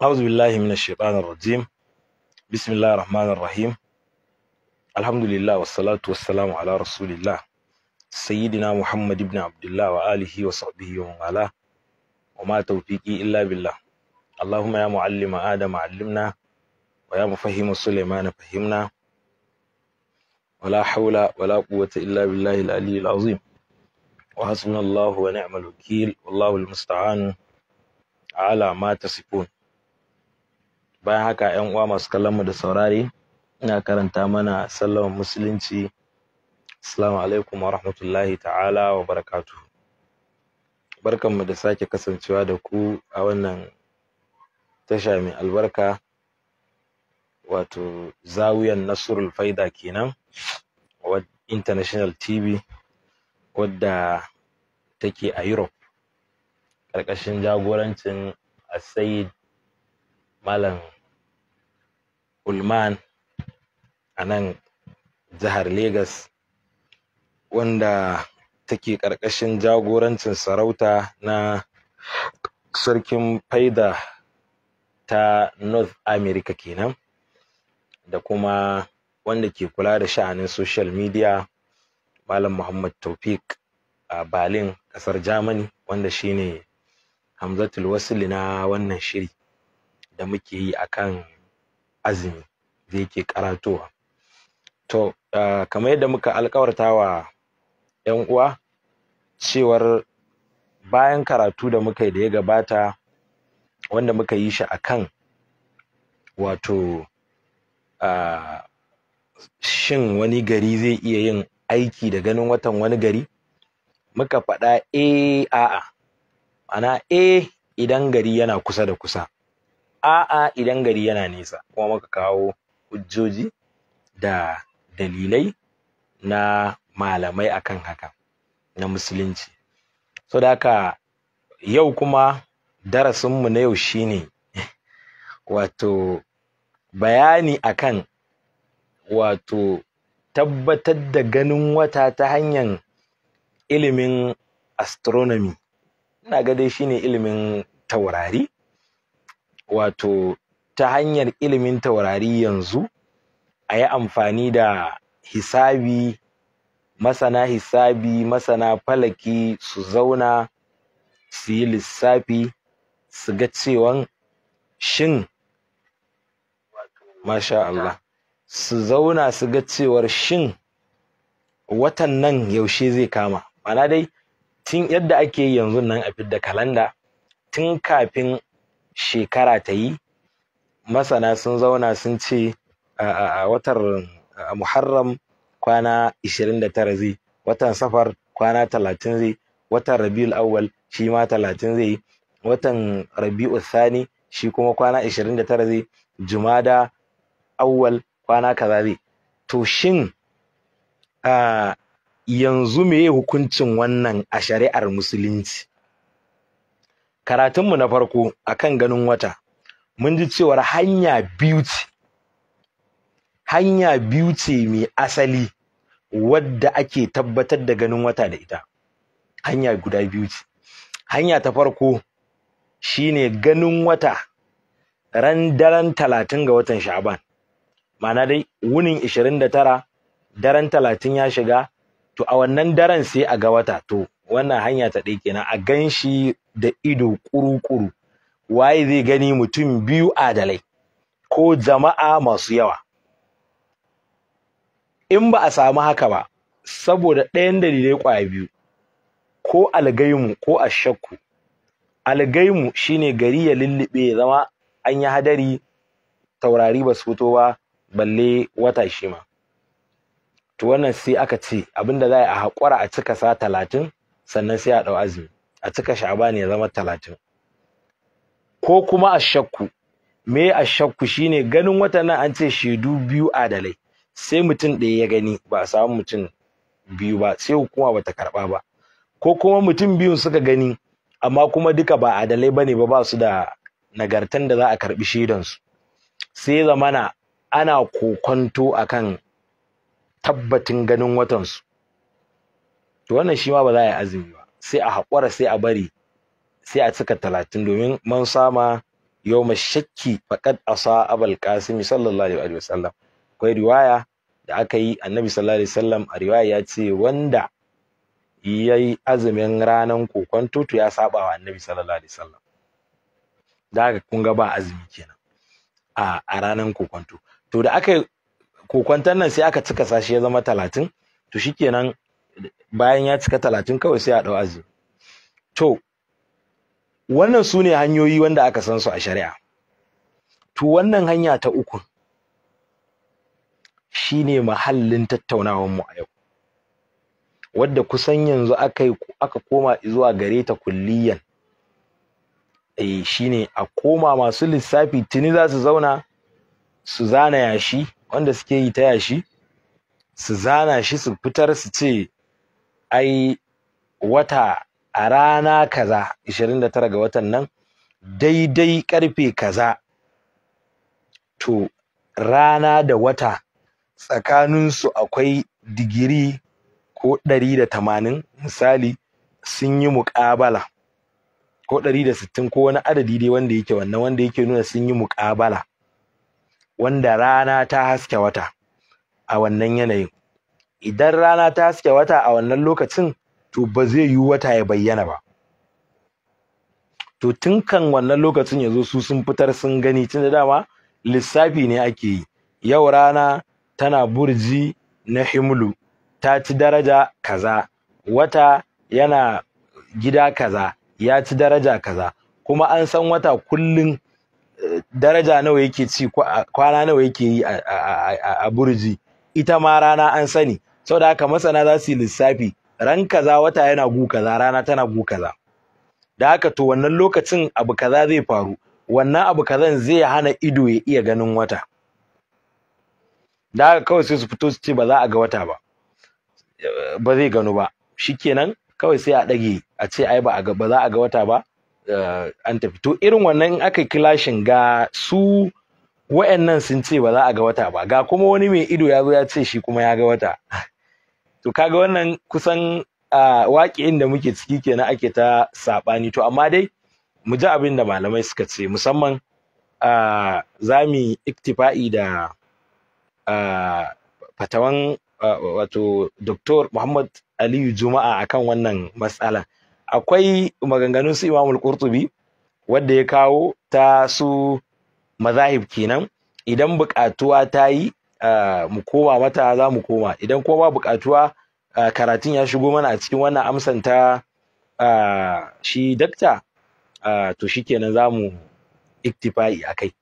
أعوذ بالله من الشيطان الرجيم بسم الله الرحمن الرحيم الحمد لله والصلاة والسلام على رسول الله سيدنا محمد بن عبد الله وآله وصحبه ومن والاه وما توفيقي إلا بالله اللهم يا معلم آدم علمنا ويا مفهم سليمان فهمنا ولا حول ولا قوة إلا بالله العلي العظيم وحسبنا الله ونعم الوكيل والله المستعان على ما تصفون bayan haka yan uwa masu kallon mu da saurare ina karanta mana sallama musulunci assalamu alaikum wa rahmatullahi ta'ala wa barakatu barkanmu da sake kasancewa da ku a wannan tasha mai albarka wato zawiyan nasrul faida kenan international tv wadda take a europe ƙarƙashin jagorancin asayid malam ulman a nan jihar Legas wanda take ƙarƙashin jagorancin sarauta na sarkin faida ta North America kenan da kuma wanda ke kula da sha'anin social media Malam Muhammad Taufik a Berlin ƙasar Germany wanda shine Hamzatul Wasili na wannan shiri da muke yi akan azumi da yake karatowa to kamar yadda muka alkawarta wa yan uwa cewar bayan karatu da muka yi da ya gabata wanda muka yi shi akan wato shin wani gari zai iya yin aiki da ganin watan wani gari muka faɗa eh a'a ana eh idan gari yana kusa da kusa a'a idan gari yana nesa kuma muka kawo hujjoji da dalilai na malamai akan haka na musulunci so da haka yau kuma darasinmu na yau shine wato bayani akan wato tabbatar da ganin wata ta hanyar ilimin astronomy ina ga dai shine ilimin taurari wato ta hanyar ilimin taurari yanzu a yi amfani da hisabi masana hisabi masana falaki su zauna su yi lissafi su ga cewan shin masha Allah su zauna su ga cewar shin watan nan yaushe zai kama mana dai tun yadda ake yi yanzu nan a fidda kalanda tun kafin shekara ta yi masana sun zauna sun ce a watan muharram kwana 29 zai watan safar kwana 30 zai watan rabiul awwal shi ma 30 zai watan rabiul thani shi kuma kwana 29 zai jumada awwal kwana kaza zai to shin yanzu meye hukuncin wannan a shari'ar musulunci karatunmu na farko akan ganin wata mun ji cewar hanya biyu ce hanya biyu ce mai asali wadda ake tabbatar da ganin wata da ita hanya guda biyu ce hanya ta farko shine ganin wata ran daren talatin ga watan sha'aban ma'ana dai wunin ishirin da tara daren talatin ya shiga to a wannan daren sai a ga wata to wannan hanya ta ɗaya kenan a gan shi da ido ƙuru-ƙuru waye zai gani mutum biyu adalai ko jama'a masu yawa in ba a samu haka ba saboda ɗayan dalilai ƙwaya biyu ko algaimu ko a shakku algaimu shine gari ya lullube ya zama an yi hadari taurari ba su fito ba balle wata shi ma to wannan sai aka ce abinda za a haƙura a cika sa talatin sannan sai a ɗau azumi a cika sha'ban ya zama talatin ko kuma a shakku me a shakku shine ganin watan nan an ce shaidu biyu adalai sai mutum ɗaya ya gani ba a samu mutum biyu ba sai hukuma bata karɓa ba ko kuma mutum biyun suka gani amma kuma duka ba adalai bane ba ba su da nagartan da za a karɓi shaidansu sai zamana ana kokonto akan tabbatin ganin watansu to wannan shi ma ba za a yi azumi ba sai a haƙura sai a bari sai a cika talatin domin man sama yau shakki faƙad asa abal kasimi sallallahu alaihi wa sallam akwai riwaya da aka yi annabi sallallahu alaihi wasallam a riwaya ya ce wanda ya yi azumin ranar kokon tutu ya saba wa annabi sallallahu alaihi wasallam da haka kun ga ba azumi kenan a a ranar kokon to da aka kokon nan sai aka cika sashi ya zama talatin to shikenan bayan ya cika talatin kawai sai a ɗau azumi to wannan su ne hanyoyi wanda aka san su a shari'a to wannan hanya ta uku shine mahallin tattaunawar mu a yau wadda kusan yanzu aka aka koma zuwa gare ta kulliyan eh shine a koma masu lissafi tuni za su zauna su zana yashi wanda suke yi ta yashi su zana shi su fitar su ce ai wata a rana kaza 29 ga watan nan daidai karfe kaza to rana da wata tsakaninsu akwai digiri ko ɗari da tamanin misali sun yi muƙabala ko ɗari da sittin ko wani adadi dai wanda yake wannan wanda yake nuna sun yi muƙabala wanda rana ta haske wata a wannan yanayin idan rana ta haske wata a wannan lokacin to ba zai yi wata ya bayyana ba to tun kan wannan lokacin ya zo su sun fitar sun gani tun da dama lissafi ne ake yi yau rana tana burji na himlu ta ci daraja kaza wata yana gida kaza ya ci daraja kaza kuma an san wata kullun eh, daraja nawa yake ci kwana nawa yake yi a burji ita ma rana an sani saboda haka masana za su yi lissafi ran kaza wata yana gu kaza rana tana gu kaza da haka to wannan lokacin abu kaza zai faru wannan abu kazan zai hana ido ya iya ganin wata da haka kawai sai su fito su ce ba za a ga wata ba ba zai gano ba shikenan kawai sai a dage a ce ai ba ba za a ga wata ba eh, an tafi to irin wannan in aka kilashin ga su Wayannan sun ce ba za a ga wata ba ga kuma wani mai ido ya zo ya ce shi kuma ya ga wata to kaga wannan kusan waƙiyin da muke ciki kenan ake ta saɓani to amma dai mu ji abin da malamai suka ce musamman za mu iktifa'i da fatawan wato Dr. Muhammad Aliyu Juma'a akan wannan matsala akwai maganganun su Imamul Qurtubi wadda ya kawo ta su mazahib kenan idan buƙatuwa ta yi ah, mu koma mata za mu koma idan kuma buƙatuwa ah, karatun ya shigo mana a cikin wannan amsan ta ah, shi dakta to kenan za mu iktifa'i a kai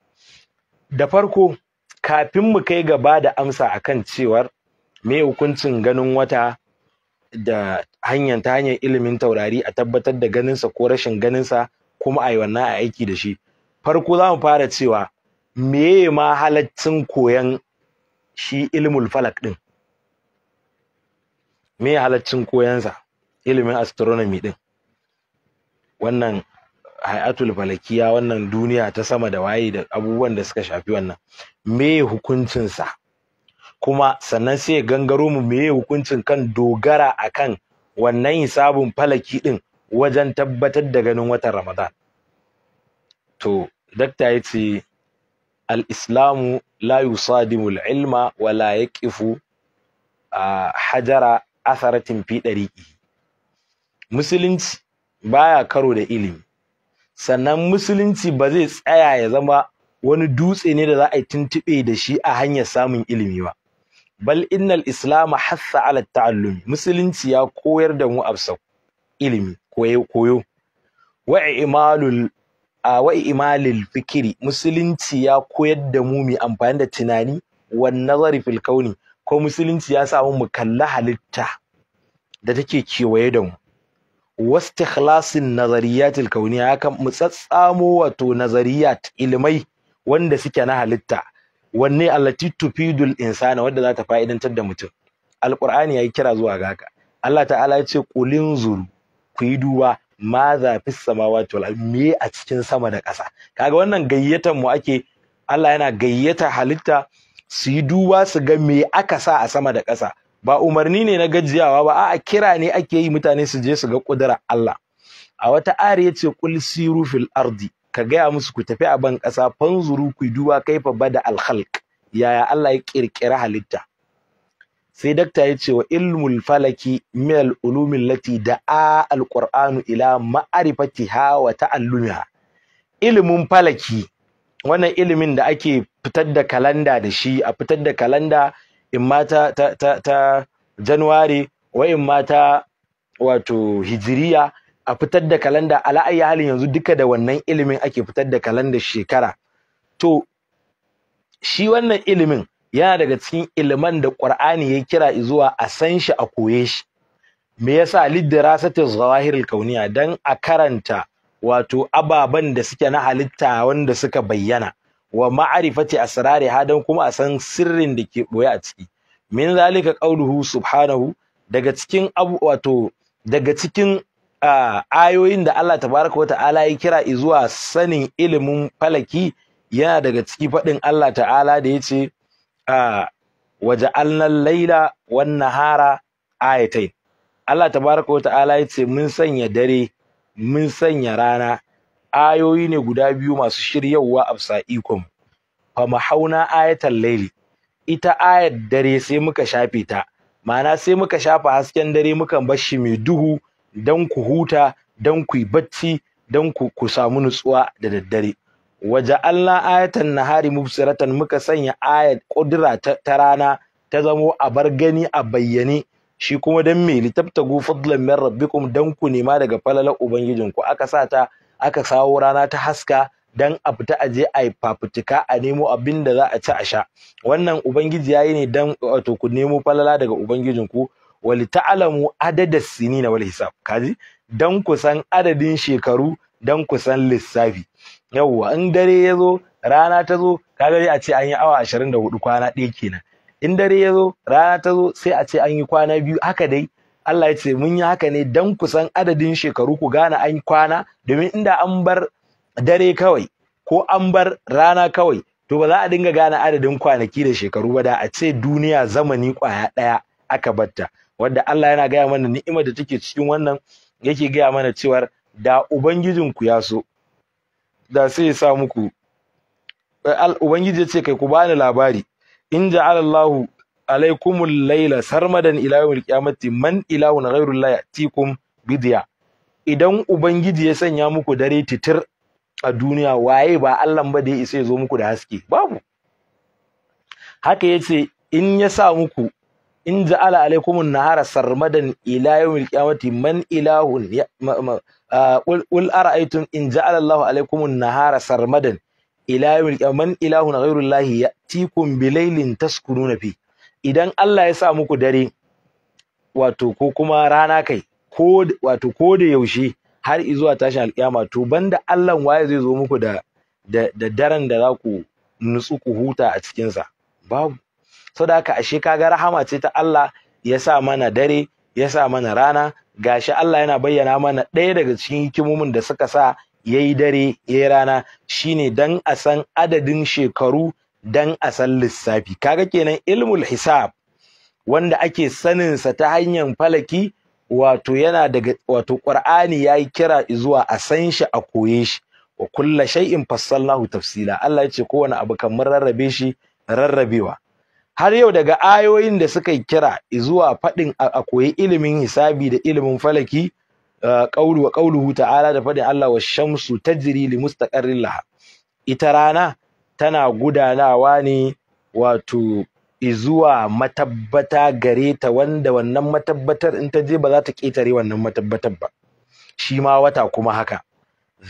da farko kafin mu kai gaba da amsa a kan cewar me hukuncin ganin wata da hanyar ta hanyar ilimin taurari a tabbatar da ganinsa ko rashin ganinsa kuma a yi wannan a aiki da shi farko za mu fara cewa meye ma halaccin koyan shi ilmul falak din me halaccin koyansa ilimin astronomy din wannan hayatul falakiya wannan duniya ta sama da waye da abubuwan da suka shafi wannan me hukuncinsa kuma sannan sai ya gangaro mu me hukuncin kan dogara akan wannan hisabun falaki din wajen tabbatar da ganin watan ramadan to dakta ya ce al'islamu la sadimul ilma wala ya ƙifu a hajara asaratin fi ɗariƙi musulunci baya karo da ilimi sannan musulunci ba zai tsaya ya zama wani dutse ne da za a yi tuntuɓe da shi a hanyar samun ilimi ba bal innal islam hassa ala ta'allumi musulunci ya koyar da mu absa ilimi koyo koyo wa imalul a wai imalil fikiri musulunci ya koyar da mu mai amfani da tunani wa nazari fil kauni ko musulunci ya samu mu kalla halitta da take kewaye da mu wastikhlasin nazariyatil kauniya ya mu tsatsamo wato nazariyat ilmai wanda suke na halitta wanne allati tufidul insana wanda za ta fa'idantar da mutum alqur'ani yayi kira zuwa ga Allah ta'ala ya ce qulin ku yi duba ma za fi samawati wal me a cikin sama da ƙasa kaga wannan gayyatar mu ake Allah yana gayyata halitta su yi duba su ga me aka sa a sama da ƙasa ba umarni ne na gajiyawa ba a'a kira ne ake yi mutane su je su ga kudura Allah a wata ayar yace kul siru fil ardi ka gaya musu ku tafi a ban ƙasa fanzuru ku duba kaifa bada al khalq yaya Allah ya kirkira halitta sai dakta ya ce wa ilmul falaki mil ulumin lati da'a alqur'anu ila ma'arifatiha wa ta'allumiha ilimin falaki wannan ilimin da ake fitar da kalanda da shi a fitar da kalanda in ma ta januwari wa in ma ta wato hijiriya a fitar da kalanda ala ayi halin yanzu duka da wannan ilimin ake fitar da kalanda shekara to shi wannan ilimin yana daga cikin ilman da Qur'ani ya kira zuwa a san shi a koye shi me yasa lidrasati zawahiril kauniya dan a karanta wato ababan da suke na halitta wanda suka bayyana wa ma'arifati asrari hadan kuma a san sirrin da ke boye a ciki min zalika qauluhu subhanahu daga cikin abu wato daga cikin ayoyin da Allah tabaraka wata'ala ya kira zuwa sanin ilimin falaki yana daga ciki faɗin Allah ta'ala da ya ce waja'alna al-laila wan nahara ayatain Allah tabaraka wa ta'ala yace mun sanya dare mun sanya rana ayoyi ne guda biyu masu shiryawa afsa'ikum fa mahauna ayatal laili ita ayat dare sai muka shafe ta ma'ana sai muka shafa hasken dare muka bar shi mai duhu dan ku huta dan ku yi bacci dan ku samu nutsuwa da daddare waje Allah ayatan nahari mubsiratan muka sanya ayat kudura ta rana ta zamo a bar gani a bayyane shi kuma dan me litabtagu fadlan min rabbikum dan ku nema daga falalar ubangijin ku. aka sa ta aka sawo rana ta haska dan a fita a je a yi fafutuka a nemo abin da za a ci a sha wannan ubangiji yayi ne dan wato ku nemo falala daga ubangijin wali ta'lamu adada sinina wal hisab kaji dan ku san adadin shekaru Dan ku san lissafi yawwa in dare ya zo rana ta zo kaga a ce an yi awa ashirin da hudu kwana ɗaya kenan in dare ya zo rana ta zo sai a ce an yi kwana biyu haka dai Allah ya ce mun yi haka ne dan ku san adadin shekaru ku gane an yi kwana domin inda an bar dare kawai ko an bar rana kawai to ba za a dinga gane adadin kwanaki da shekaru ba da a ce duniya zamani kwaya ɗaya aka batta wadda Allah yana gaya mana ni'imar da take cikin wannan yake gaya mana cewar da ubangijinku ya so da sai ya sa muku ubangiji ya ce kai ku bani labari in ja'ala Allahu alaikumun laila sarmadan ila yawmil qiyamati man ilahun ghairullahi yatikum bidiya idan ubangiji ya sanya muku dare titir a duniya waye ba Allah ba da ya isa ya zo muku da haske babu haka yace in ya sa muku in ja'ala alaikum an-nahara sarmadan ila yawmil qiyamati man ilahun qul ara'aytum in ja'ala Allahu alaikum an-nahara sarmadan ila yawmil qiyamati man ilahun ghayru Allahi ya'tikum bilaylin taskununa fi idan Allah ya sa muku dare wato ko kuma rana kai ko wato ko da yaushe har zuwa tashin alkiyama to banda Allah waye zai zo muku da da daren da za ku nutsu ku huta a cikin sa babu so da haka ashe kaga rahama ce ta Allah ya sa mana dare ya sa mana rana gashi Allah yana bayyana mana ɗaya daga cikin hikimomin da suka sa yayi dare yayi rana shine dan a san adadin shekaru dan a san lissafi kaga kenan ilmul hisab wanda ake saninsa ta hanyar falaki wato yana daga wato qur'ani yayi kira zuwa a san shi a koye shi wa kulla shay'in fassalnahu tafsila Allah ya ce kowane abu kan mun rarrabe shi rarrabewa har yau daga ayoyin da suka kira zuwa faɗin a koyi ilimin hisabi da ilimin falaki uh, ƙaulu wa ƙauluhu ta'ala da faɗin Allah wa shamsu tajri li mustaqarrin laha ita rana tana gudanawa ne wato izuwa matabbata gareta, wanda wannan matabbatar in ta je ba za ta ƙetare wannan matabbatar ba shi ma wata kuma haka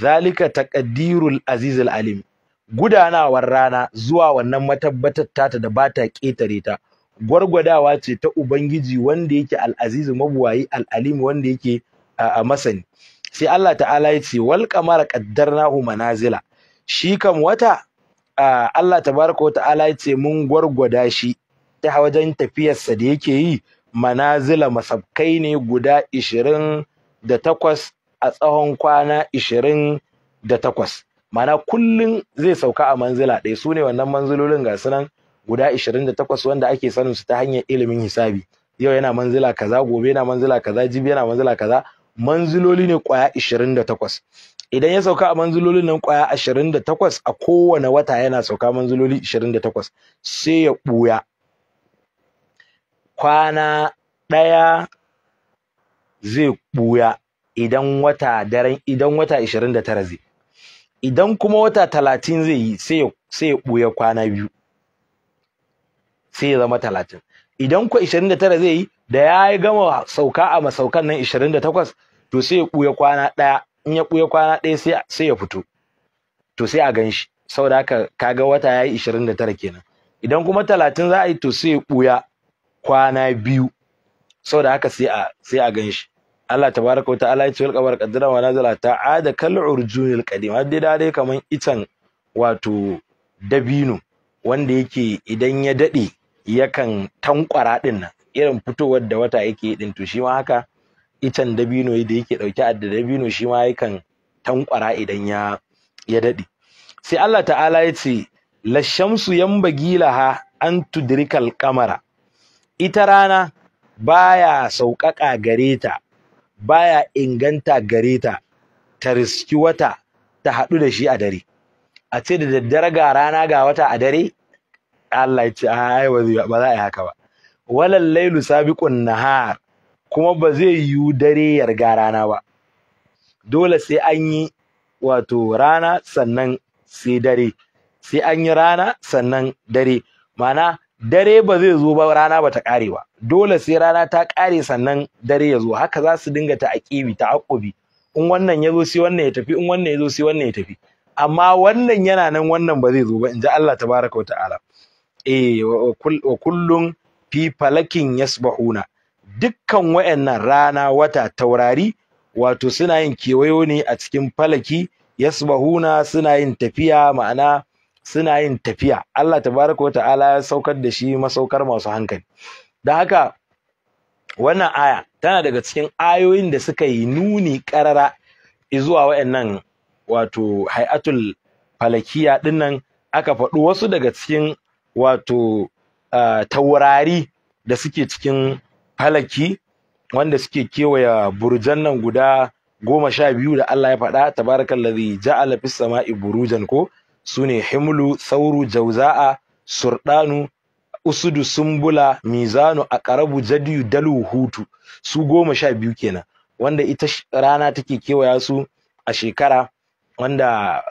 zalika taqdirul azizul alim gudanawar rana zuwa wannan matabbatar tata da bata ƙetare ta gwargwadawa ce ta ubangiji wanda yake al'azizu mabuwayi al'alimi wanda yake a masani sai Allah ta'ala ya ce wal qamara qaddarnahu manazila shi kam wata Allah tabaraka wa ta'ala ya ce mun gwargwada shi ta wajen tafiyarsa da yake yi manazila masabkai ne guda ishirin da takwas a tsawon kwana ishirin da takwas mana kullum zai sauka a manzila ɗaya su ne wannan manzilolin ga sunan guda 28 wanda ake sanin su ta hanyar ilimin hisabi yau yana manzila kaza gobe yana manzila kaza jibi yana manzila kaza manziloli ne kwaya 28 idan ya sauka a manzilolin nan kwaya 28 a kowane wata yana sauka manziloli 28 sai ya ɓuya kwana ɗaya zai ɓuya idan wata daren idan wata 29 zai idan kuma wata talatin zai yi sai ya ɓuya kwana biyu sai ya zama talatin idan ko ishirin da tara zai yi da ya yi gama sauka a masaukan nan ishirin da takwas to sai ya ɓuya kwana ɗaya in ya ɓuya kwana ɗaya sai ya fito to sai a gan shi saboda haka kaga wata ya yi ishirin da tara kenan idan kuma talatin za a yi to sai ya ɓuya kwana biyu saboda haka sai a sai a gan shi Allah tabaraka wa ta'ala ya ce wal qamar qaddara wa nazala ta'ada kal urjunil qadim har dai dai kaman itan wato dabino wanda yake idan ya dade yakan tankwara din nan irin fitowar da wata yake din to shi ma haka itan dabino da yake dauke a dabino shi ma yakan tankwara idan ya ya dade sai Allah ta'ala ya ce la shamsu yanbagi laha an tudrikal qamara ita rana baya sauƙaƙa gareta ta baya inganta gareta ta ta riski wata ta haɗu da shi a dare a ce da daddare ga rana ga wata a dare Allah ya ce ah, ai ba za a yi haka ba walal lailu sabiqun nahar kuma ba zai yiwu dare yarga rana ba dole sai an yi wato rana sannan sai dare sai an yi rana sannan dare ma'ana dare ba zai zo ba rana ba ta ƙare ba dole sai rana ta kare sannan dare ya zo haka za su dinga ta aqibi ta aƙubi in wannan ya zo sai wannan ya tafi in wannan ya zo sai wannan ya tafi amma wannan yana nan wannan ba zai zo ba in ji Allah tabaraka wa ta'ala eh wa kullun fi falakin yasbahuna dukkan wayannan rana wata taurari wato suna yin kewayo ne a cikin falaki yasbahuna suna yin tafiya ma'ana suna yin tafiya Allah tabaraka wa ta'ala ya saukar da shi masaukar masu hankali Da haka wannan aya tana daga cikin ayoyin da suka yi nuni karara izuwa wayannan wato hay'atul falakiya dinnan aka faɗi wasu daga cikin wato taurari da suke cikin falaki wanda suke kewaya burjan nan guda goma sha biyu da Allah ya faɗa tabarakallazi ja'ala fis sama'i burujan ko Sune himlu sauru jauza'a surɗanu usudu sumbula mizanu a ƙarabu jadiyu dalu hutu su goma sha biyu kenan wanda ita rana take kewaya su a shekara wanda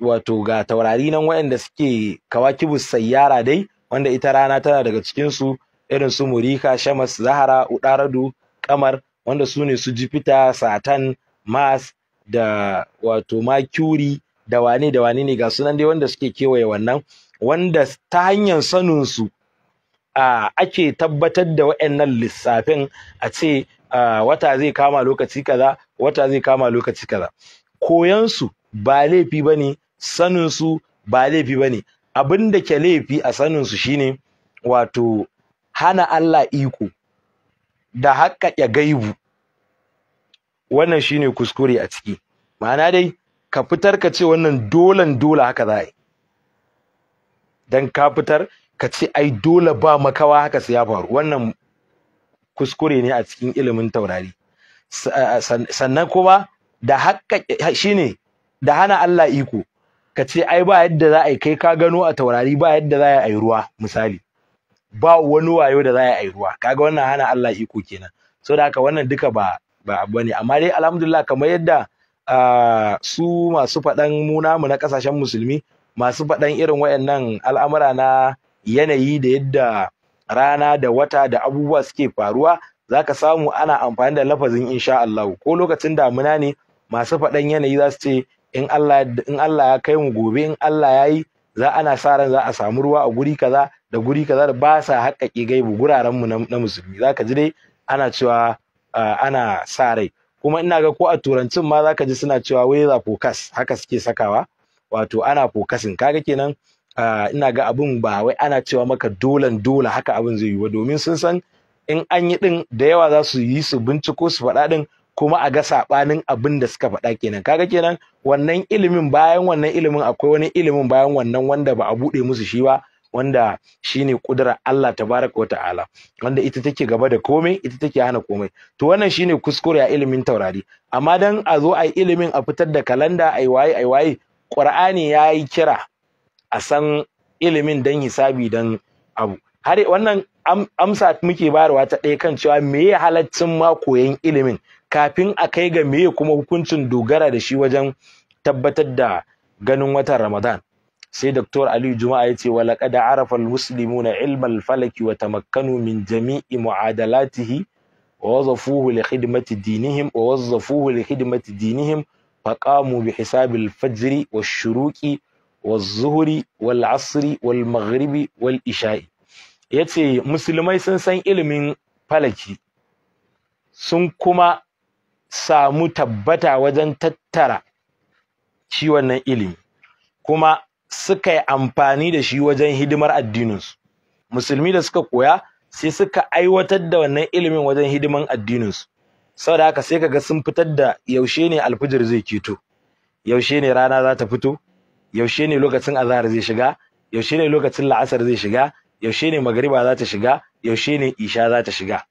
wato ga taurari nan waɗanda suke kawakibus sayyara dai wanda ita rana tana daga cikinsu irin su murika shamas zahara udaradu kamar wanda sune su Jifita, saturn Mas da wato Makuri. da wane da wane ne ga sunan dai wanda suke kewaye wannan wanda ta hanyar sanin su ake tabbatar da waɗannan lissafin a ce wata zai kama lokaci kaza wata zai kama lokaci kaza koyan su ba laifi bane sanin su ba laifi bane abin da ke laifi a sanin su shine wato hana Allah iko da haƙƙaƙe gaibu wannan shine kuskure a ciki ma'ana dai ka fitar ka ce wannan dolan dole haka za yi don ka fitar ka ce ai dole ba makawa haka sai ya faru wannan kuskure ne a cikin ilimin taurari sannan kuma da shi shine da hana Allah iko ka ce ai ba yadda za a yi kai ka gano a taurari ba yadda za a yi ruwa misali ba wani wayo da za a yi ruwa kaga wannan hana Allah iko kenan saboda haka wannan duka ba ba abu ne amma dai alhamdulillah kamar yadda su masu faɗan muna mu na ƙasashen musulmi masu faɗan irin wayannan al'amura na yanayi da yadda rana da wata da abubuwa suke faruwa za ka samu ana amfani da lafazin insha Allah ko lokacin damuna ne masu faɗan yanayi za su ce in Allah in Allah ya kai mu gobe in Allah ya yi za ana sa ran za a samu ruwa a guri kaza da guri kaza da ba sa haƙƙaƙe gaibu guraren mu na musulmi za ka ji dai ana cewa ana sa rai kuma ina ga ko a turancin ma zaka ji suna cewa weather focus haka suke sakawa wato ana focusin kaga kenan ina ga abun ba wai ana cewa maka dolan dola haka abun zai yi ba domin sun san in an yi din da yawa za su yi su binciko su faɗa din kuma a ga saɓanin abin da suka faɗa kenan kaga kenan wannan ilimin bayan wannan ilimin akwai wani ilimin bayan wannan wanda ba a buɗe musu shi ba wanda shine kudura Allah tabaraka wa wanda ita take gaba da komai ita take hana komai to wannan shine kuskure a ilimin taurari amma dan a zo ai ilimin a fitar da kalanda ai waye ai waye Qur'ani yayi kira a san ilimin dan hisabi dan abu har wannan amsa muke bayarwa ta ɗaya kan cewa meye halaccin ma koyan ilimin kafin a kai ga meye kuma hukuncin dogara da shi wajen tabbatar da ganin watan Ramadan sai Dr. Aliyu Juma'a ya ce walaƙa da arafal muslimuna ilmal falaki wa tamakkanu min jami'i mu'adalatihi wa wazafuhu li khidmati dinihim wa wazafuhu li khidmati dinihim faqamu bi hisabil fajri wa shuruƙi wa zuhuri wal asri wal maghribi wal isha'i yace musulmai sun san ilimin falaki sun kuma samu tabbata wajen tattara ciwon nan ilimi kuma suka yi amfani da shi wajen hidimar addininsu musulmi da suka koya sai suka aiwatar da wannan ilimin wajen hidiman addininsu saboda haka sai kaga sun fitar da yaushe ne alfijir zai keto yaushe ne rana za ta fito yaushe ne lokacin azahar zai shiga yaushe ne lokacin la'asar zai shiga yaushe ne magariba za ta shiga yaushe ne isha za ta shiga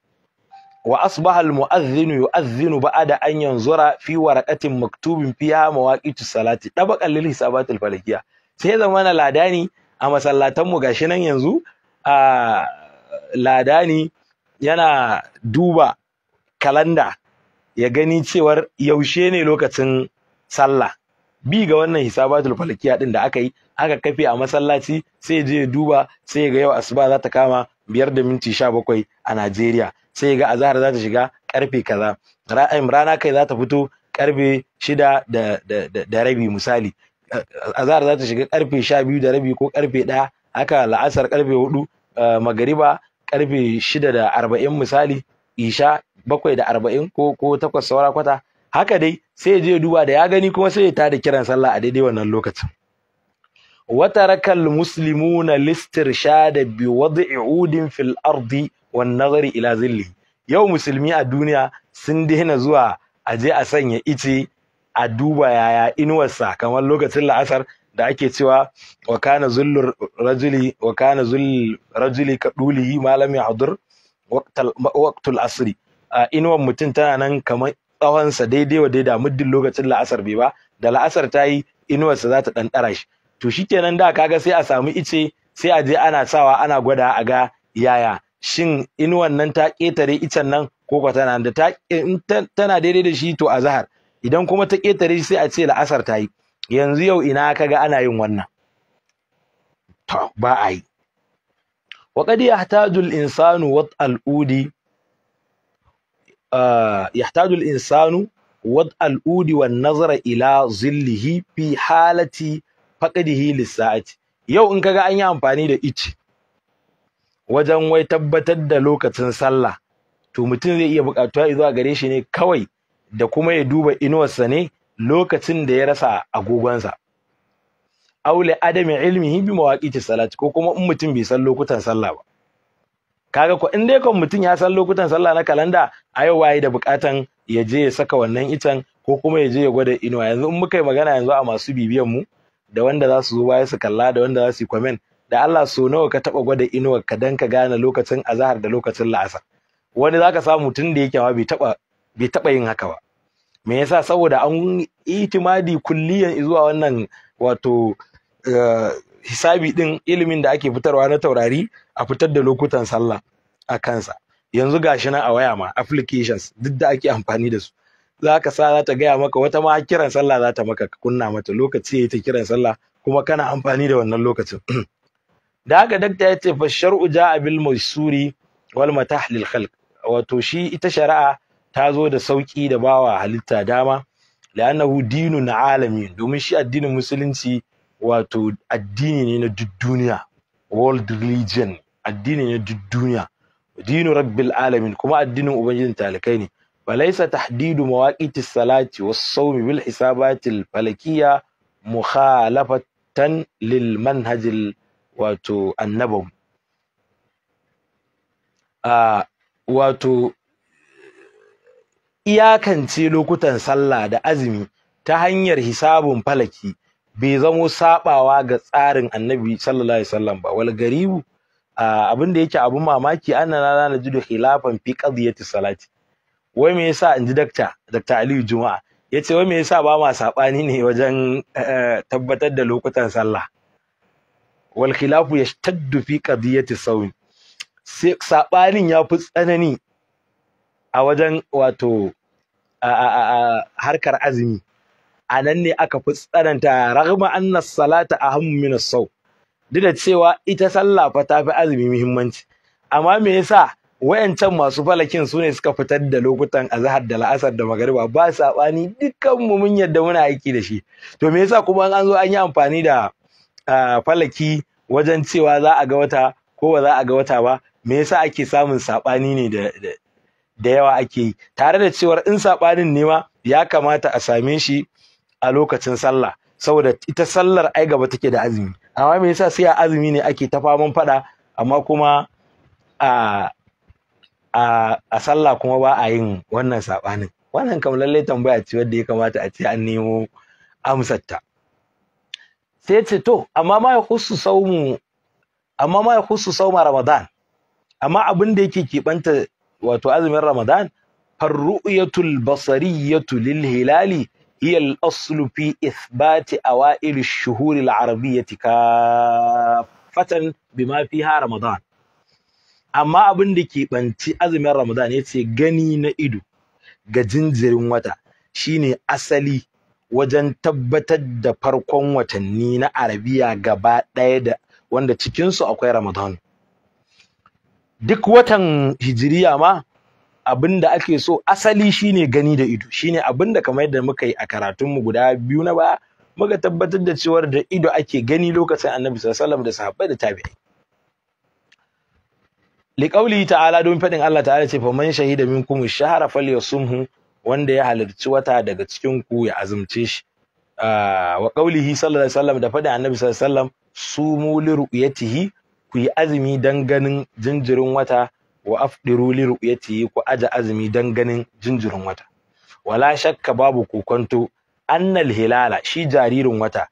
wa asbaha mu'azzinu yu'adhdhinu ba'da an yanzura fi waraqatin maktubin fiha mawaqitu salati tabaqan lil hisabatil falakiyah sai ya zama na lada ne a masallatanmu shi nan yanzu a ladani yana duba kalanda ya gani cewar yaushe ne lokacin sallah bi ga wannan hisabatul falakiya din da aka yi aka kafe a masallaci sai je duba sai ga yau asuba za ta kama biyar da minti sha bakwai a Najeriya sai ga azahar za ta shiga karfe kaza rana kai za ta fito karfe shida da, rabi misali azhar za ta shiga karfe sha biyu da rabi ko karfe ɗaya haka la'asar karfe hudu eh, magariba karfe shida da arba'in misali isha bakwai da arba'in ko takwas saura kwata haka dai sai je duba da ya gani kuma sai ya da kiran sallah a daidai wannan lokacin watarakal muslimuna listirshada bi wad'i udin fil ardi wan nazari ila zilli yau musulmi a duniya sun daina zuwa a je a sanya ice a duba yaya inuwarsa kamar lokacin la'asar da ake cewa wa kana zullur rajuli wa kana zullul rajuli ka malam waqtul asri inuwar mutum tana nan kamar tsawonsa daidai wa daida muddin lokacin la'asar bai ba da la'asar ta yi inuwarsa za ta ɗanɗara shi to shikenan da kaga sai a samu ice sai a je ana sawa ana gwada a ga yaya shin inuwar nan ta ƙetare icen nan ko kwa tana da ta tana daidai da shi to a zahar? idan kuma ta ƙetare sai a ce la'asar ta yi yanzu yau ina kaga ana yin wannan to ba yi wa qad yahtaju al-insanu wat al-udi ah, yahtaju al-insanu al-udi nazara ila zillihi fi halati faqdihi lis-sa'ati yau in kaga an yi amfani da ice wajen wai tabbatar da lokacin sallah to mutum zai iya buƙatuwa a gare shi ne kawai da kuma ya duba inuwarsa ne lokacin da ya rasa agogonsa aule adami ilmihi bi mawaqiti salati ko kuma in mutum bai san lokutan sallah ba kaga ko in dai mutum ya san lokutan sallah na kalanda a yau waye da bukatan ya je ya saka wannan itan ko kuma ya je ya gwada inuwa yanzu in muka yi magana yanzu a masu bibiyan mu da wanda za su zo baya su kalla da wanda za su yi comment da Allah so nawa ka taba gwada inuwar ka dan ka gane lokacin azhar da lokacin la'asar wani zaka samu tun da yake ma bai taba bai taba yin haka ba me yasa saboda an itimadi kulliyan zuwa wannan wato eh, hisabi din ilimin da ake fitarwa na taurari a fitar da lokutan sallah a kansa yanzu gashi nan a waya ma applications duk da ake amfani da su za ka sa za ta gaya maka wata ma kiran sallah za ta maka kunna mata lokaci ya ta kiran sallah kuma kana amfani da wannan lokacin da haka dakta ya ce fa shar'u ja'a bil maysuri wal matah lil khalq wato shi ita shari'a ta zo da sauƙi da bawa halitta dama la'annahu na alamin domin shi addinin musulunci wato addini ne na duniya world religion addini ne duk duniya dinu rabbil alamin kuma addinin ubangijin talikai ne falaisa tahdidu mawaqiti salati was sawmi bil hisabati al falakiyya mukhalafatan lil manhajil wato annabawi ah, wato iyakance lokutan sallah da azumi ta hanyar hisabun falaki bai zamo sabawa ga tsarin annabi sallallahu alaihi wasallam ba wal garibu abin da yake abin mamaki annana ji da khilafan fi qadiyati salati wai me yasa inji dakta dakta Aliyu Juma'a yace wai me yasa ba ma sabani ne wajen eh, eh, tabbatar da lokutan sallah wal khilafu yashtaddu fi qadiyati sawm sabanin ya fi tsanani a wajen wato harkar azumi a nan ne aka fi tsananta raghma anna salata ahammu min as sau." duk da cewa ita sallah fa tafi azumi muhimmanci amma me yasa wayancan masu falakin su ne suka fitar da lokutan azhar da la'asar da magariba ba sabani dukkan mu mun yadda muna aiki da shi to me yasa kuma an zo an yi amfani da falaki wajen cewa za a ga wata ko ba za a ga wata ba me yasa ake samun sabani ne da? da yawa ake yi tare da cewar in saɓanin ne ma ya kamata a same shi a lokacin sallah saboda ita sallar ai gaba take da azumi amma me yasa sai a azumi ne ake ta faman faɗa amma kuma a a a sallah kuma ba a yin wannan saɓanin wannan kam lallai tambaya ce wadda ya kamata a ce an nemo amsarta sai ce to amma ma saumu amma ma sauma ramadan amma abin da yake kibanta wato azumin Ramadan farru'yatul basariyatu lil hilali hiya al-aslu fi ithbati awail ash-shuhur al-arabiyyati fatan bima fiha Ramadan amma abin da ke banci azumin Ramadan yace gani na ido ga jinjirin wata shine asali wajen tabbatar da farkon watanni na Arabiya gaba ɗaya da wanda cikinsu akwai Ramadan. duk watan hijiriya ma abin da ake so asali shine gani da ido shine abin da kamar yadda muka yi a karatunmu guda biyu na baya muka tabbatar da cewar da ido ake gani lokacin annabi sallallahu da sahabbai da li liqauli ta'ala don fadin Allah ta'ala ce fa man shahida minkum ash falyasumhu wanda ya halarci wata daga cikin ku ya azumce shi ah, wa qaulihi sallallahu alaihi wasallam da fadin annabi sallallahu alaihi wasallam sumu li ru'yatihi ku yi azumi don ganin jinjirin wata wa afdiru li ru'yatihi ku aja azumi don ganin jinjirin wata wala shakka babu kokonto annal hilala shi jaririn wata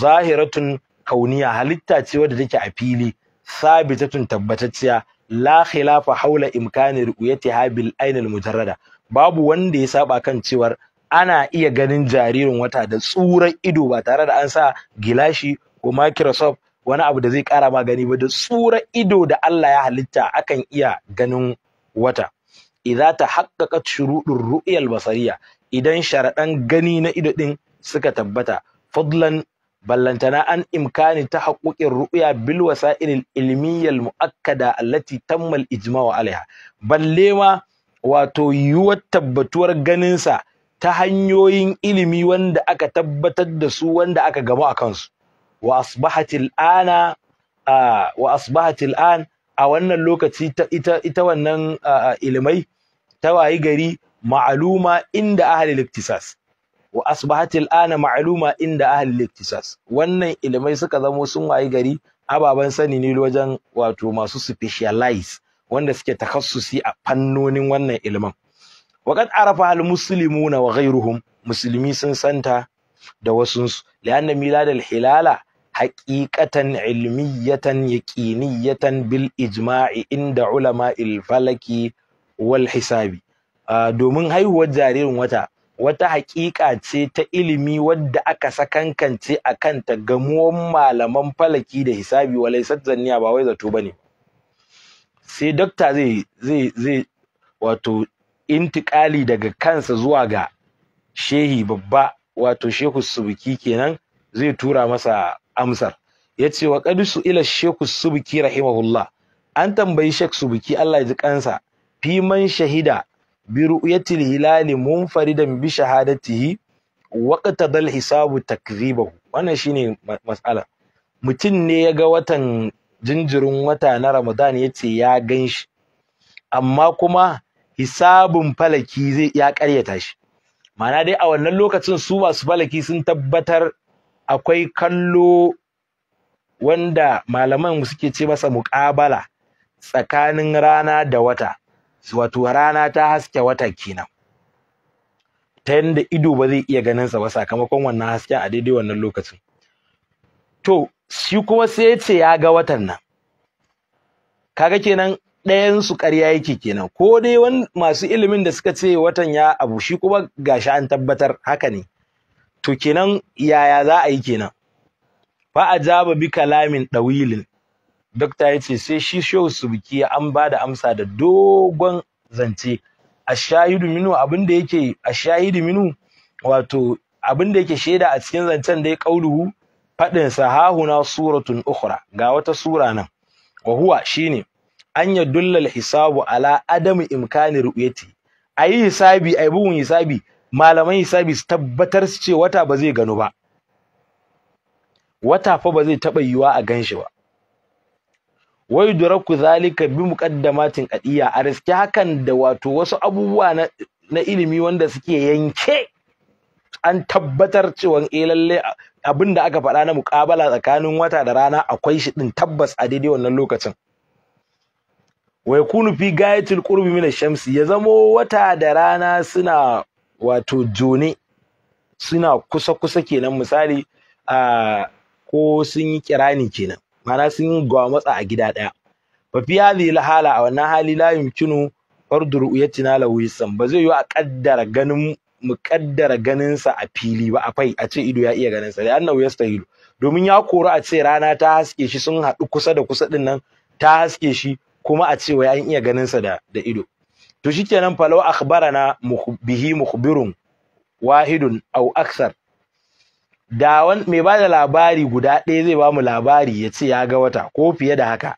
zahiratun kauniya halitta ce wadda take a fili sabitatun tabbatacciya la khilafa haula imkani ru'yatiha bil ainal mujarrada babu wanda ya saba kan cewar ana iya ganin jaririn wata da tsurar ido ba tare da an sa gilashi ko microscope wani abu da zai ƙara ma gani ba da tsura ido da Allah ya halitta akan iya ganin wata idza ta haqqaqat shuruɗin ru'yal basariya idan sharaɗan gani na ido ɗin suka tabbata fadlan ballantana an imkani ta haƙuƙin ru'ya bil wasa'il ilmiyyal mu'akkada allati tammal ijma'u alaiha balle ma wato yiwuwar tabbatuwar ganinsa ta hanyoyin ilimi wanda aka tabbatar da su wanda aka gamu a kansu wa asbahatil ana a wannan lokaci ita ita wannan ilmai ta wayi gari ma'aluma inda ahli liktisas wa ana ma'aluma inda ahli wannan ilmai suka zamo sun wayi gari ababen sani ne wajen wato masu specialize wanda suke takassusi a fannonin wannan ilmin waqad arafa al muslimuna wa ghayruhum musulmi sun santa da wasunsu li'anna milad al hilala yatan ilmiyatan yaqiniyatan bil ijma'i inda ulama falaki wal hisabi domin haihuwar jaririn wata wata haƙiƙa ce ta ilimi wadda aka sakankance a kanta gamuwan malaman falaki da hisabi walai zanniya ba wai zato ba ne. sai dokta zai zai zai wato intikali daga kansa zuwa ga shehi babba wato shehu subuki kenan zai tura masa amsar ya ce wa qadisu ila sheku subki rahimahullah an tambayi shek subki Allah ya ji kansa fi man shahida bi ru'yatil hilali munfaridan bi shahadatihi waqta dal hisabu takzibahu wannan shine mas'ala mutum ne ya ga watan jinjirin wata na Ramadan ya ce ya ganshi. amma kuma hisabun falaki zai ya ƙaryata shi ma'ana dai a wannan lokacin su masu falaki sun tabbatar akwai kallo wanda malaman suke ce masa muƙabala tsakanin rana da wata wato rana ta haske wata kenan ta yadda ido ba zai iya ganin sa ba sakamakon wannan hasken a daidai wannan lokacin to shi kuma sai ya ce ya ga watan nan kaga kenan ɗayan su ƙarya yake kenan ko dai masu ilimin da suka ce watan ya abu shi kuma gashi an tabbatar haka ne to kenan yaya za a yi kenan fa ajaba bi kalamin dawilin dokta ya ce sai shi shehu subki an ba da amsa da dogon zance ashahidu minu abin da yake ashahidu minu wato abin da yake shaida a cikin zancen dai kauluhu fadin sahahuna suratun ukhra ga wata sura nan wa huwa shine an yadulla hisabu ala adami imkani ru'yati ayi hisabi ayi bugun hisabi Malamai hisabi su tabbatar su ce wata ba zai gano ba wata fa ba zai taba yiwa a ganshi ba wai duraku zalika bi muqaddamatin qadiya a riske hakan da wato wasu abubuwa na, na ilimi wanda suke yanke an tabbatar cewa eh lalle abinda aka faɗa na muƙabala tsakanin wata da rana akwai shi din tabbas a daidai wannan lokacin Wai kunu fi gayatul qurbi min ash-shams ya zamo wata da rana suna wato jone suna kusa-kusa kenan misali a ko sun yi kirani kenan mana sun yi matsa a gida ɗaya ba fi hadhihi hala a wannan hali la yumkinu fardu na lahu yasan ba zai yi a kaddara ganin mu kaddara ganin sa a fili ba a fai a ce ido ya iya ganin sa da annahu yastahilu domin ya kori a ce rana ta haske shi sun haɗu kusa da kusa din nan ta haske shi kuma a ce wai an iya ganin sa da ido to shi shikenan falau akhbarana bihi mukhbirun wahidun aw aksar. da wani mai bada labari guda ɗaya zai bamu labari ya ce ya ga wata ko fiye da haka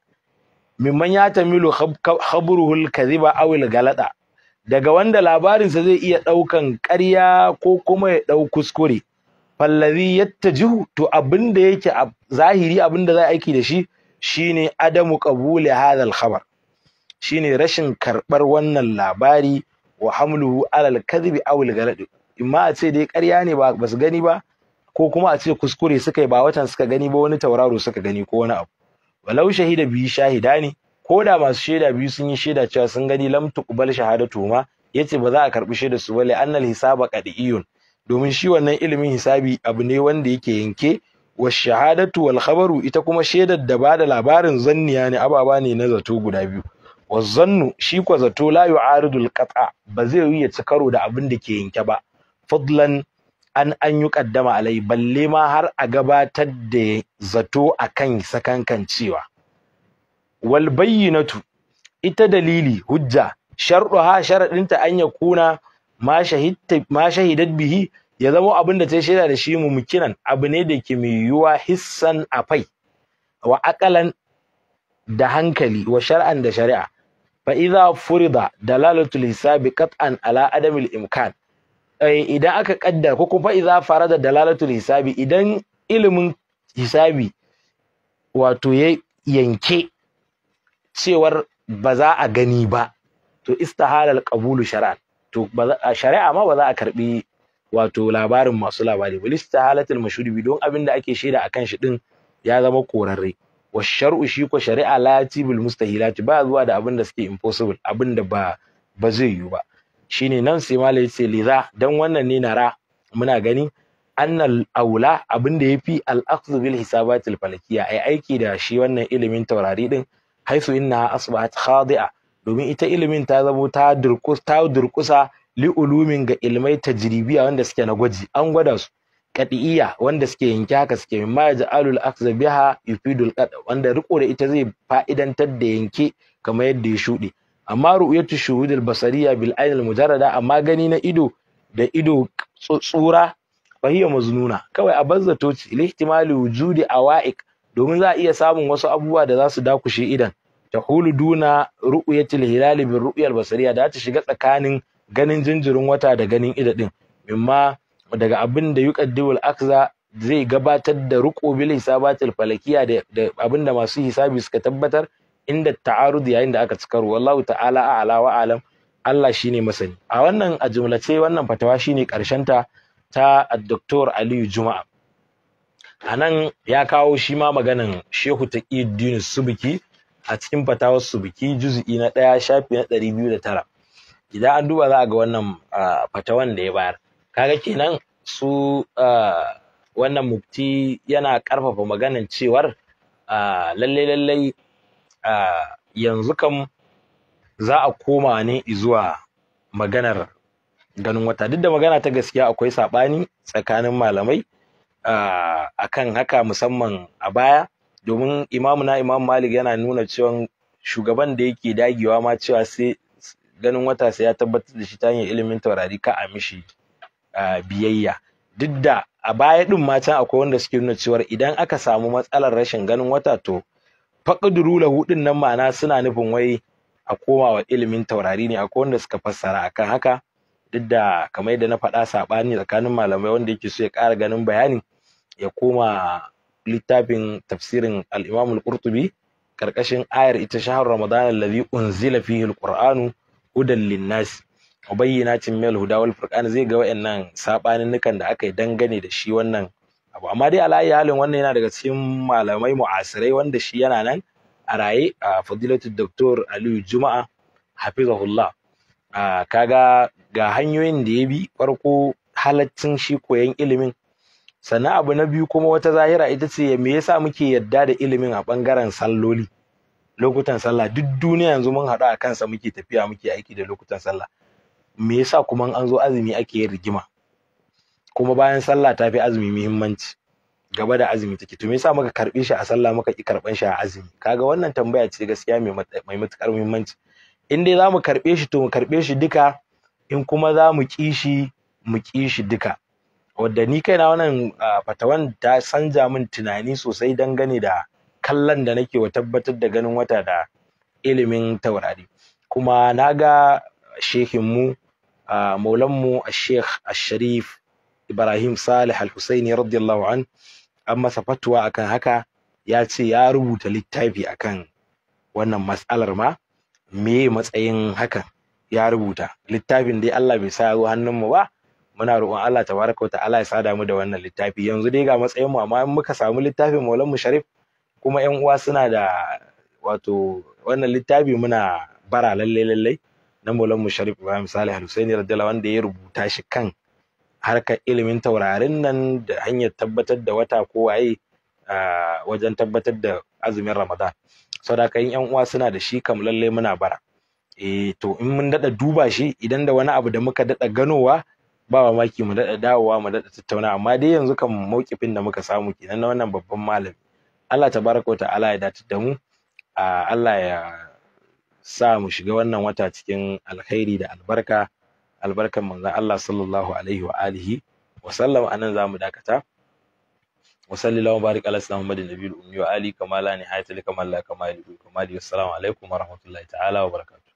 mimman ya tamilu khaburuhul kadhiba aw al daga wanda labarinsa zai iya ɗaukan ƙarya ko kuma ya ɗau kuskure fallazi yattajihu to abin da yake zahiri abin da za a aiki da shi shine adamu qabuli hadha al shine rashin karɓar wannan labari wa hamluhu alal kadhibi aw al imma a ce dai ƙarya ne ba su gani ba ko kuma a ce kuskure suka yi ba watan suka gani ba wani tauraro suka gani ko wani abu walau shahida biyu shahida ne ko da masu shaida biyu sun yi shaida cewa sun gani lam tuqbal shahadatu ma yace ba za a karbi shaida su ba annal hisaba qad'iyun domin shi wannan ilimin hisabi abu ne wanda yake yanke wa shahadatu wal khabaru ita kuma shaidar da ba da labarin zanniya ne ababa ne na zato guda biyu wazzannu shi kwa zato la yu'aridul qat'a ba zai yi ya ci karo da abin da ke yanke ba fadlan an an yi kaddama alai balle ma har a gabatar da zato akan sakankan cewa wal bayyinatu ita dalili hujja sharɗuha sharaɗinta an ya kuna ma shahidat bihi ya zama abin da ta shaida da shi mumkinan abu ne da ke mai yiwuwa hissan afai wa akalan da hankali wa shar'an da shari'a fa idza furida dalalatul hisabi qat'an ala adamil imkan idan aka kaddara ko kuma fa idza farada dalalatul hisabi idan ilimin hisabi wato ya yanke cewar baza a gani ba to istihalal qabulu shar'an to shari'a ma baza a karɓi wato labarin masu labari ba istihalatul mashhuri don abin da ake shaida akan shi ɗin ya zama korarre wa shar'u shi ko shari'a la bil mustahilati ba zuwa da abin da suke impossible abin da ba ba zai yiwu ba shine nan sai malai yace liza dan wannan ne nara muna gani annal aula abin da yafi al akhdhu bil hisabatil falakiyya ai aiki da shi wannan ilimin taurari din haisu inna asbahat khadi'a domin ita ilimin ta zamo ta durkusa ta durkusa li ulumin ga ilmai tajribiya wanda suke na gwaji an gwada su qat'iyya wanda suke yanke haka suke min ma alul akza biha yufidul qad wanda riko da ita zai fa'idantar da yanke kamar yadda ya shuɗe amma ru'yatu shuhudil basariya bil al mujarrada amma gani na ido da ido tsura fahiya maznuna kawai a bazzato ce lihtimali wujudi awaiq domin za a iya samun wasu abubuwa da za su dakushe idan tahulu duna ru'yatil hilali bil ru'yal basariya da ta shiga tsakanin ganin jinjirin wata da ganin ido din mimma daga abin da yuqaddibul akza zai gabatar da ruqu bil hisabatil falakiya da abinda masu hisabi suka tabbatar inda ta'arud yayin da aka cikar wallahu ta'ala a'la wa alam Allah shine masani a wannan a jumlace wannan fatawa shine karshen ta ta Dr. Aliyu Juma'a anan ya kawo shi ma maganan Shehu Taqiyuddin Subki a cikin fatawar Subki juz'i na 1 shafi na 209 idan an duba za a ga wannan ah, fatawan da ya bayar kaga kenan su ah, wannan mufti yana ƙarfafa maganan cewar ah, lallai lallai ah, yanzu kam za a koma ne zuwa maganar ganin wata duk da magana ta gaskiya akwai saɓani tsakanin malamai a kan haka musamman a baya domin imamu na imam malik yana nuna cewa shugaban da yake dagewa ma cewa sai ganin wata sai ya tabbatar da shi ta hanyar ilimin taurari ka a mishi biyayya duk da a baya din ma can akwai wanda suke nuna cewa idan aka samu matsalar rashin ganin wata to faqduru lahu din nan ma'ana suna nufin wai a koma wa ilimin taurari ne akwai wanda suka fassara akan haka duk da kamar yadda na faɗa saɓani tsakanin malamai wanda yake so ya ƙara ganin bayani ya koma littafin tafsirin al-Imam al-Qurtubi karkashin ayar ita shahar Ramadan allazi unzila fihi al-Qur'anu hudan linnas mubayyinatin mil huda wal furqan zai ga wayannan nukan da aka yi dangane da shi wannan abu amma dai alayi halin wannan yana daga cikin malamai mu'asirai wanda shi yana nan a raye a fadilatu doktor aliyu juma'a hafizahullah kaga ga hanyoyin da ya bi farko halaccin shi koyan ilimin sannan abu na biyu kuma wata zahira ita ce me yasa muke yadda da ilimin a bangaren salloli lokutan sallah duk duniya yanzu mun haɗu a kansa muke tafiya muke aiki da lokutan sallah me yasa kuma an zo azumi ake yin rigima kuma bayan sallah ta fi azumi muhimmanci gaba da azumi take to me yasa muka karbe shi a sallah muka ki karban shi a azumi kaga wannan tambaya ce gaskiya mai mai matukar muhimmanci in dai zamu karbe shi to mu karbe shi duka in kuma zamu ki shi mu ki shi duka wadda ni kaina wannan fatawan ta sanja min tunani sosai dangane da kallon da nake wa tabbatar da ganin wata da ilimin taurari kuma na ga mu. mu a sheikh sharif ibrahim salih al-husaini radiyallahu an an masa fatuwa akan haka ya ce ya rubuta littafi akan wannan matsalar ma me matsayin hakan ya rubuta littafin dai Allah bai sa hannun mu ba muna roƙon Allah tabaraka wa ta'ala ya sada mu da wannan littafi yanzu dai ga matsayin mu amma in muka samu littafin Maulan Sharif kuma yan uwa suna da wato wannan littafi muna bara lallai-lallai. dan ba Musharif Ibrahim Salih Al-Husaini radiyallahu wanda ya rubuta shi kan harkar ilimin taurarin nan da hanyar tabbatar da wata ko waye wajen tabbatar da azumin Ramadan saboda in yan uwa suna da shi kam lalle muna bara eh to in mun dada duba shi idan da wani abu da muka dada ganowa ba mamaki mu dada dawowa mu dada tattauna amma dai yanzu kan mawkifin da muka samu kenan na wannan babban malami Allah tabaraka wa ta'ala ya dace da mu Allah ya sa mu shiga wannan wata cikin alkhairi da albarka albarkan manzon Allah sallallahu alaihi wa alihi wa sallam anan zamu dakata wa sallallahu barik ala sayyidina Muhammadin nabiyul ummi wa ali kamala ni hayatul kamal la kamali kamali assalamu alaikum wa rahmatullahi ta'ala wa barakatuh